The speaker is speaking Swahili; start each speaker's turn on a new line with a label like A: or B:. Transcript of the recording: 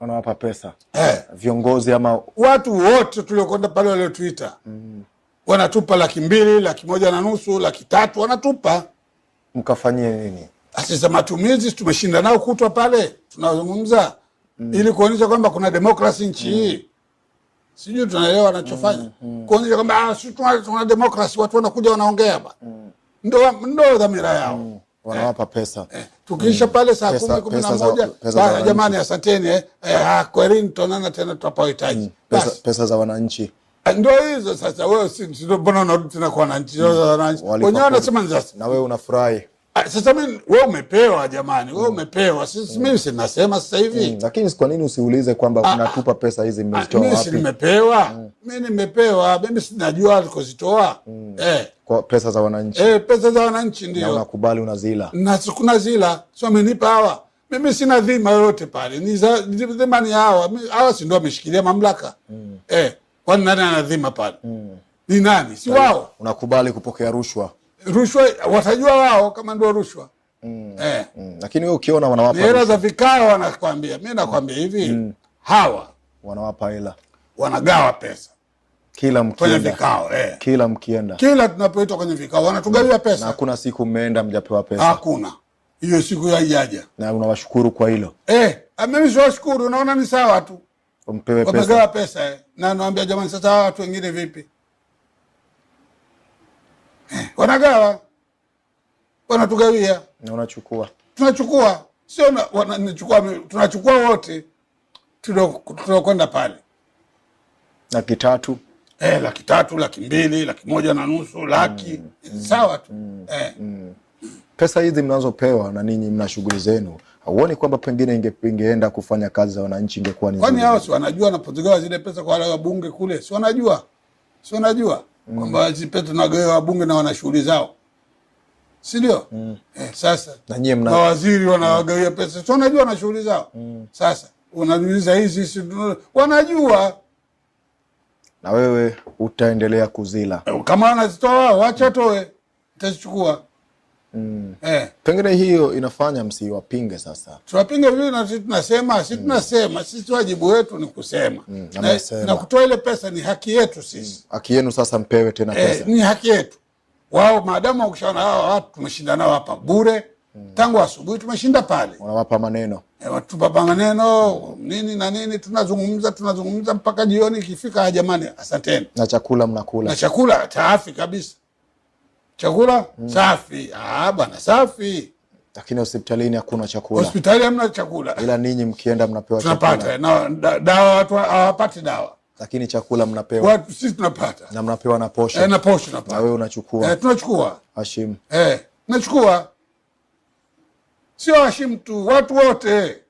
A: wanawapa pesa eh, viongozi ama
B: watu wote tuliokwenda pale waliotuita mm. wanatupa laki mbili, laki moja na nusu, laki tatu wanatupa.
A: Mkafanyie nini?
B: Sasa matumizi tumeshinda nao kutwa pale tunazungumza mm. ili kuonyesha kwamba kuna demokrasi nchi hii mm. sijui tunaelewa wanachofanya mm. mm. kuonyesha kwamba ah, si tuna, tuna demokrasi, watu wanakuja wanaongea mm. ndo, ndo dhamira yao mm
A: wanawapa pesa
B: eh, eh. tukiisha mm. pale saa kumi kumi na moja jamani, asanteni eh, eh, kwerini tutaonana tena tutapahitaji mm,
A: pesa, pesa za wananchi
B: eh, ndio hizo sasa. Wewe mbona unarudi tena kwa wananchi? Wananchi wenyewe wanasema sasa,
A: na wewe unafurahi
B: Ah, sasa mimi wewe umepewa jamani, wewe umepewa sisi, mimi sinasema sasa hivi mm.
A: Lakini kwa nini usiulize kwamba ah, unatupa pesa hizi ah, mmezitoa
B: wapi? Mimi nimepewa mm. mimi nimepewa, mimi sinajua alikozitoa
A: mm. eh, kwa pesa za wananchi
B: eh, pesa za wananchi ndio
A: na unakubali unazila
B: na kuna zila sio amenipa hawa, mimi sina dhima yoyote pale, ni za dhima ni hawa hawa, si ndio wameshikilia mamlaka mm. eh, kwani nani ana dhima pale mm. ni nani? Si yaani, wao.
A: Unakubali kupokea rushwa
B: rushwa watajua wao kama ndio rushwa mm. Eh. Mm.
A: Lakini wewe ukiona wanawapa
B: hela za vikao wanakwambia, mimi nakwambia hivi mm. hawa
A: wanawapa hela,
B: wanagawa pesa
A: kila mkienda
B: kwenye vikao eh.
A: kila mkienda,
B: kila tunapoitwa kwenye vikao wanatugawia pesa, na
A: hakuna siku mmeenda mjapewa pesa,
B: hakuna hiyo siku haijaja,
A: na unawashukuru kwa hilo
B: eh. Mimi siwashukuru, naona ni sawa tu, mpewe pesa, wamegawa pesa eh. na naambia jamani, sasa watu wengine vipi? wanagawa, wanatugawia
A: na unachukua,
B: tunachukua, sio wanachukua, tunachukua wote tunaokwenda pale,
A: laki tatu
B: eh, laki tatu, laki mbili, laki moja na nusu, laki mm. mm, sawa tu mm, eh.
A: Mm. Pesa hizi mnazopewa na ninyi mna shughuli zenu, hauoni kwamba pengine inge, ingeenda kufanya kazi za wananchi ingekuwa ni
B: kwani hao si wanajua wanapozigawa zile pesa kwa wale wabunge kule, si wanajua si wanajua mm. kwamba sisi pete wabunge na wana shughuli zao, si ndio? mm. Eh, sasa na nyie mna mawaziri wanawagawia mm. pesa, sio unajua na shughuli zao mm. Sasa unajiuliza hizi si wanajua,
A: na wewe utaendelea kuzila
B: eh, kama anazitoa wao, wacha toe, tazichukua Mm. Eh.
A: Pengine hiyo inafanya msiwapinge sasa.
B: Tuwapinge vile na sisi tunasema, sisi mm. tunasema, mm. Sisi wajibu wetu ni kusema. Mm, na, na kutoa ile pesa ni haki yetu sisi. Mm.
A: Haki yenu sasa mpewe tena eh, pesa.
B: Eh, ni haki yetu. Wao maadamu wakishaona hawa watu tumeshinda nao hapa bure. Mm. Tangu asubuhi tumeshinda pale.
A: Wanawapa maneno.
B: Eh, watupapa maneno, mm. nini na nini tunazungumza tunazungumza mpaka jioni ikifika, ah, jamani asanteni.
A: Na chakula mnakula.
B: Na chakula taafi kabisa chakula mm. safi. Ah, bwana safi.
A: Lakini hospitalini hakuna chakula.
B: Hospitali hamna chakula.
A: Ila ninyi mkienda mnapewa
B: tunapata, chakula. Na da, dawa watu hawapati dawa.
A: Lakini chakula mnapewa.
B: Watu sisi tunapata.
A: Na mnapewa na posho.
B: e, na posho tunapata.
A: Na wewe unachukua.
B: e, tunachukua. Hashim. Eh, nachukua. Sio Hashim tu, watu wote.